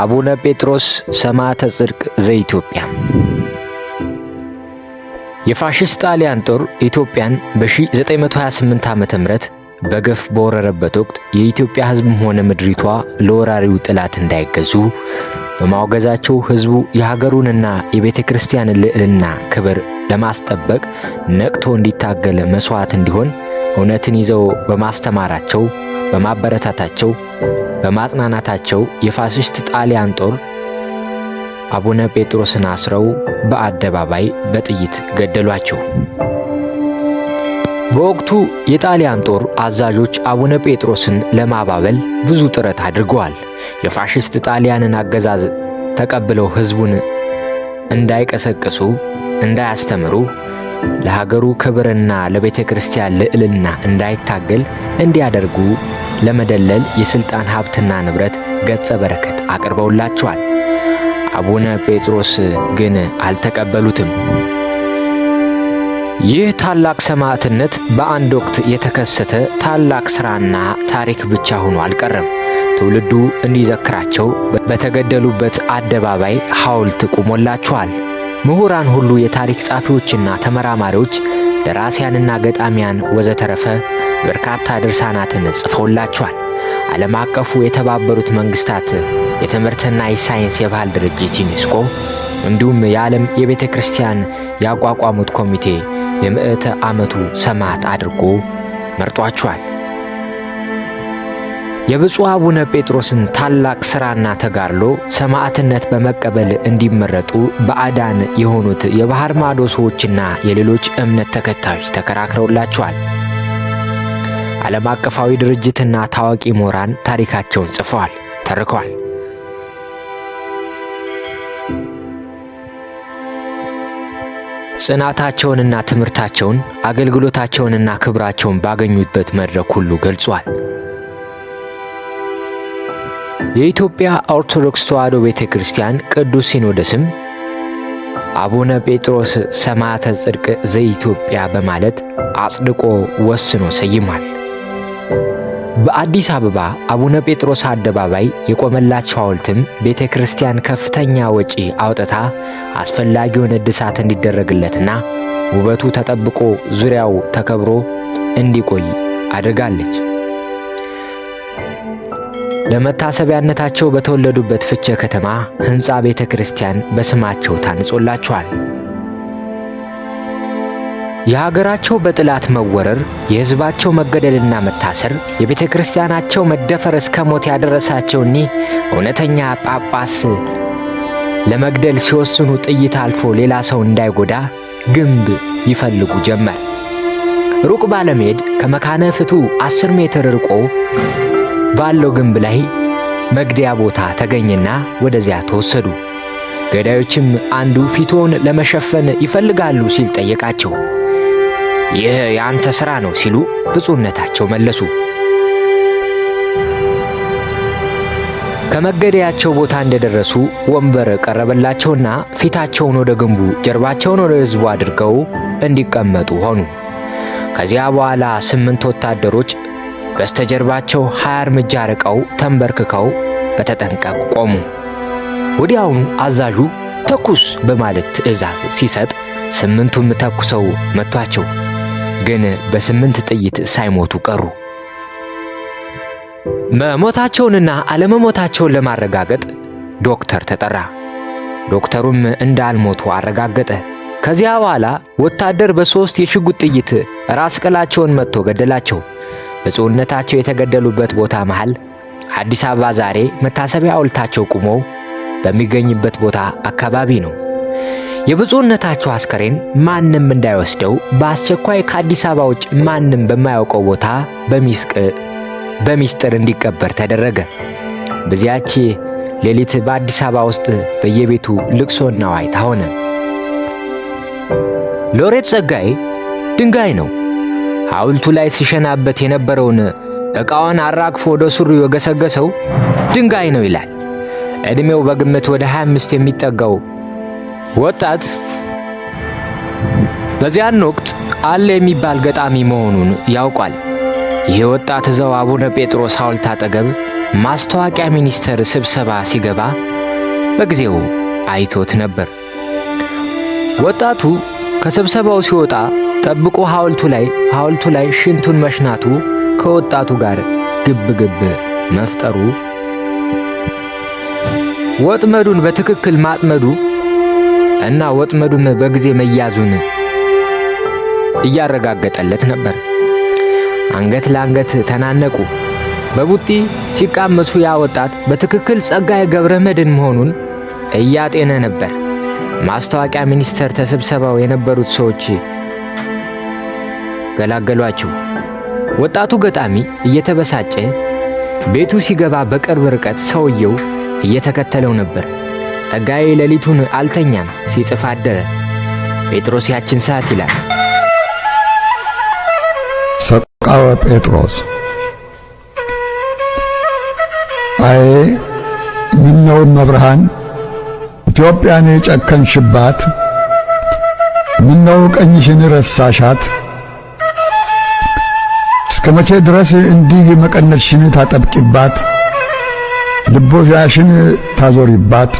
አቡነ ጴጥሮስ ሰማዕተ ጽድቅ ዘኢትዮጵያ። የፋሽስት ጣሊያን ጦር ኢትዮጵያን በ1928 ዓ.ም በገፍ በወረረበት ወቅት የኢትዮጵያ ሕዝብም ሆነ ምድሪቷ ለወራሪው ጥላት እንዳይገዙ በማውገዛቸው ሕዝቡ የሀገሩንና የቤተ ክርስቲያንን ልዕልና ክብር ለማስጠበቅ ነቅቶ እንዲታገለ መሥዋዕት እንዲሆን እውነትን ይዘው በማስተማራቸው፣ በማበረታታቸው፣ በማጽናናታቸው የፋሽስት ጣሊያን ጦር አቡነ ጴጥሮስን አስረው በአደባባይ በጥይት ገደሏቸው። በወቅቱ የጣሊያን ጦር አዛዦች አቡነ ጴጥሮስን ለማባበል ብዙ ጥረት አድርገዋል። የፋሽስት ጣሊያንን አገዛዝ ተቀብለው ሕዝቡን እንዳይቀሰቅሱ፣ እንዳያስተምሩ ለሀገሩ ክብርና ለቤተ ክርስቲያን ልዕልና እንዳይታገል እንዲያደርጉ ለመደለል የሥልጣን ሀብትና ንብረት ገጸ በረከት አቅርበውላቸዋል። አቡነ ጴጥሮስ ግን አልተቀበሉትም። ይህ ታላቅ ሰማዕትነት በአንድ ወቅት የተከሰተ ታላቅ ሥራና ታሪክ ብቻ ሆኖ አልቀረም። ትውልዱ እንዲዘክራቸው በተገደሉበት አደባባይ ሐውልት ቆሞላቸዋል። ምሁራን ሁሉ፣ የታሪክ ጻፊዎችና ተመራማሪዎች፣ ደራሲያንና ገጣሚያን ወዘተረፈ በርካታ ድርሳናትን ጽፈውላቸዋል። ዓለም አቀፉ የተባበሩት መንግስታት የትምህርትና የሳይንስ የባህል ድርጅት ዩኔስኮ እንዲሁም የዓለም የቤተ ክርስቲያን ያቋቋሙት ኮሚቴ የምዕተ ዓመቱ ሰማዕት አድርጎ መርጧቸዋል። የብፁዕ አቡነ ጴጥሮስን ታላቅ ሥራና ተጋድሎ ሰማዕትነት በመቀበል እንዲመረጡ ባዕዳን የሆኑት የባሕር ማዶ ሰዎችና የሌሎች እምነት ተከታዮች ተከራክረውላቸዋል። ዓለም አቀፋዊ ድርጅትና ታዋቂ ምሁራን ታሪካቸውን ጽፈዋል፣ ተርከዋል። ጽናታቸውንና ትምህርታቸውን አገልግሎታቸውንና ክብራቸውን ባገኙበት መድረክ ሁሉ ገልጿል። የኢትዮጵያ ኦርቶዶክስ ተዋሕዶ ቤተ ክርስቲያን ቅዱስ ሲኖዶስም አቡነ ጴጥሮስ ሰማዕተ ጽድቅ ዘኢትዮጵያ በማለት አጽድቆ ወስኖ ሰይሟል። በአዲስ አበባ አቡነ ጴጥሮስ አደባባይ የቆመላቸው ሐውልትም ቤተ ክርስቲያን ከፍተኛ ወጪ አውጥታ አስፈላጊውን እድሳት እንዲደረግለትና ውበቱ ተጠብቆ ዙሪያው ተከብሮ እንዲቆይ አድርጋለች። ለመታሰቢያነታቸው በተወለዱበት ፍቼ ከተማ ሕንፃ ቤተ ክርስቲያን በስማቸው ታንጾላቸዋል። የሀገራቸው በጥላት መወረር፣ የሕዝባቸው መገደልና መታሰር፣ የቤተ ክርስቲያናቸው መደፈር እስከ ሞት ያደረሳቸው እኒህ እውነተኛ ጳጳስ ለመግደል ሲወስኑ ጥይት አልፎ ሌላ ሰው እንዳይጎዳ ግንብ ይፈልጉ ጀመር። ሩቅ ባለመሄድ ከመካነ ፍቱ አስር ሜትር ርቆ ባለው ግንብ ላይ መግደያ ቦታ ተገኘና ወደዚያ ተወሰዱ። ገዳዮችም አንዱ ፊቶን ለመሸፈን ይፈልጋሉ ሲል ጠየቃቸው። ይህ የአንተ ሥራ ነው ሲሉ ብፁዕነታቸው መለሱ። ከመገደያቸው ቦታ እንደደረሱ ወንበር ቀረበላቸውና ፊታቸውን ወደ ግንቡ ጀርባቸውን ወደ ሕዝቡ አድርገው እንዲቀመጡ ሆኑ። ከዚያ በኋላ ስምንት ወታደሮች በስተጀርባቸው ሀያ እርምጃ ርቀው ተንበርክከው በተጠንቀቅ ቆሙ። ወዲያውኑ አዛዡ ተኩስ በማለት ትዕዛዝ ሲሰጥ ስምንቱም ተኩሰው መቷቸው፣ ግን በስምንት ጥይት ሳይሞቱ ቀሩ። መሞታቸውንና አለመሞታቸውን ለማረጋገጥ ዶክተር ተጠራ። ዶክተሩም እንዳልሞቱ አረጋገጠ። ከዚያ በኋላ ወታደር በሦስት የሽጉጥ ጥይት ራስ ቅላቸውን መጥቶ ገደላቸው። ብፁዕነታቸው የተገደሉበት ቦታ መሃል አዲስ አበባ ዛሬ መታሰቢያ ሐውልታቸው ቆሞ በሚገኝበት ቦታ አካባቢ ነው። የብፁዕነታቸው አስከሬን ማንም እንዳይወስደው በአስቸኳይ ከአዲስ አበባ ውጭ ማንም በማያውቀው ቦታ በሚስጥር እንዲቀበር ተደረገ። በዚያች ሌሊት በአዲስ አበባ ውስጥ በየቤቱ ልቅሶና ዋይታ ሆነ። ሎሬት ጸጋዬ ድንጋይ ነው። ሐውልቱ ላይ ሲሸናበት የነበረውን ዕቃውን አራግፎ ወደ ሱሪው የገሰገሰው ድንጋይ ነው ይላል። ዕድሜው በግምት ወደ 25 የሚጠጋው ወጣት በዚያን ወቅት አለ የሚባል ገጣሚ መሆኑን ያውቋል። ይህ ወጣት እዛው አቡነ ጴጥሮስ ሐውልት አጠገብ ማስታወቂያ ሚኒስቴር ስብሰባ ሲገባ በጊዜው አይቶት ነበር። ወጣቱ ከስብሰባው ሲወጣ ጠብቆ ሐውልቱ ላይ ሐውልቱ ላይ ሽንቱን መሽናቱ ከወጣቱ ጋር ግብ ግብ መፍጠሩ ወጥመዱን በትክክል ማጥመዱ እና ወጥመዱን በጊዜ መያዙን እያረጋገጠለት ነበር። አንገት ለአንገት ተናነቁ። በቡጢ ሲቃመሱ ያ ወጣት በትክክል ጸጋዬ ገብረ መድን መሆኑን እያጤነ ነበር። ማስታወቂያ ሚኒስቴር ተስብሰባው የነበሩት ሰዎች ገላገሏቸው። ወጣቱ ገጣሚ እየተበሳጨ ቤቱ ሲገባ በቅርብ ርቀት ሰውየው እየተከተለው ነበር። ጸጋዬ ሌሊቱን አልተኛም፣ ሲጽፍ አደረ። ጴጥሮስ ያችን ሰዓት ይላል። ሰቆቃወ ጴጥሮስ። አይ ምነው መብርሃን ኢትዮጵያን የጨከንሽባት፣ ምነው ቀኝሽን ረሳሻት እስከ መቼ ድረስ እንዲህ መቀነትሽን ታጠብቂባት፣ ልቦሻሽን ታዞሪባት፣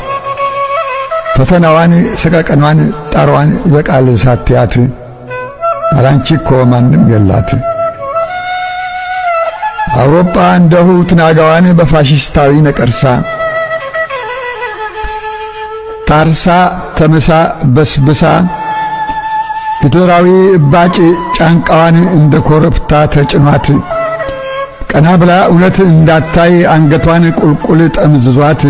ፈተናዋን ሰቀቀኗን ጣሯን ይበቃል ሳትያት፣ አላንቺ እኮ ማንም የላት። አውሮፓ እንደሁ ትናጋዋን በፋሽስታዊ ነቀርሳ ታርሳ ተምሳ በስብሳ የጦራዊ እባጭ ጫንቃዋን እንደ ኮረብታ ተጭኗት ቀና ብላ እውነት እንዳታይ አንገቷን ቁልቁል ጠምዝዟት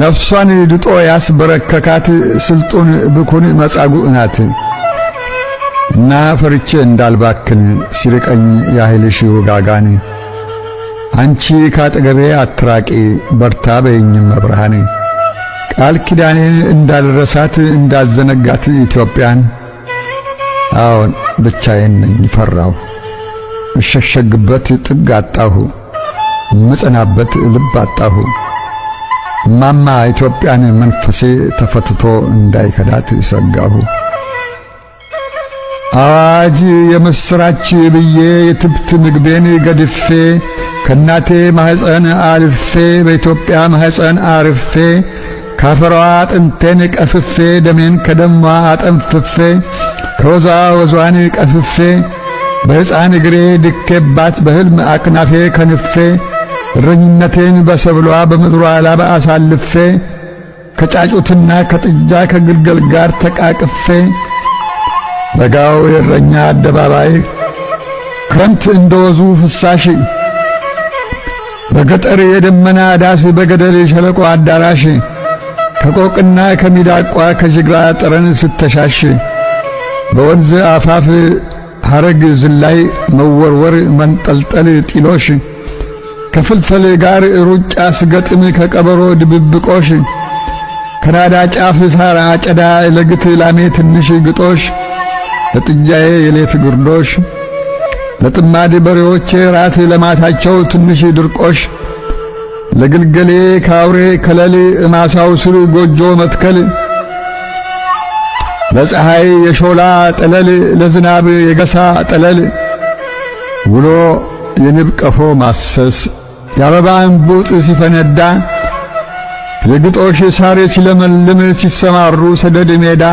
ነፍሷን ድጦ ያስበረከካት ስልጡን ብኩን መጻጉዕ ናት እና ፈርቼ እንዳልባክን ሲርቀኝ ያህልሽ ውጋጋን አንቺ ካጠገቤ አትራቂ በርታ በይኝም መብርሃን ቃል ኪዳኔን እንዳልረሳት እንዳልዘነጋት ኢትዮጵያን አዎን ብቻዬን ነኝ ፈራሁ፣ እሸሸግበት ጥግ አጣሁ፣ ምጽናበት ልብ አጣሁ። ማማ ኢትዮጵያን መንፈሴ ተፈትቶ እንዳይከዳት ሰጋሁ። አዋጅ የምስራች ብዬ የትብት ምግቤን ገድፌ ከእናቴ ማህፀን አልፌ በኢትዮጵያ ማህፀን አርፌ ካፈሯ አጥንቴን ቀፍፌ ደሜን ከደሟ አጠንፍፌ ከወዛ ወዟን ቀፍፌ በሕፃን እግሬ ድኬባት በሕልም አክናፌ ከንፌ እረኝነቴን በሰብሏ በምድሯ ላባ አሳልፌ ከጫጩትና ከጥጃ ከግልገል ጋር ተቃቅፌ በጋው የእረኛ አደባባይ ክረምት እንደ ወዙ ፍሳሽ በገጠር የደመና ዳስ በገደል የሸለቆ አዳራሽ ከቆቅና ከሚዳቋ ከጅግራ ጠረን ስተሻሽ በወንዝ አፋፍ ሐረግ ዝላይ መወርወር መንጠልጠል ጢሎሽ ከፍልፈል ጋር ሩጫ ስገጥም ከቀበሮ ድብብቆሽ ከናዳ ጫፍ ሳር አጨዳ ለግት ላሜ ትንሽ ግጦሽ ለጥጃዬ የሌት ግርዶሽ ለጥማድ በሬዎቼ ራት ለማታቸው ትንሽ ድርቆሽ ለግልገሌ ካውሬ ከለል እማሳው ስር ጎጆ መትከል ለፀሐይ የሾላ ጠለል፣ ለዝናብ የገሳ ጠለል ውሎ የንብ ቀፎ ማሰስ የአበባ እንቡጥ ሲፈነዳ የግጦሽ ሳር ሲለመልም ሲሰማሩ ሰደድ ሜዳ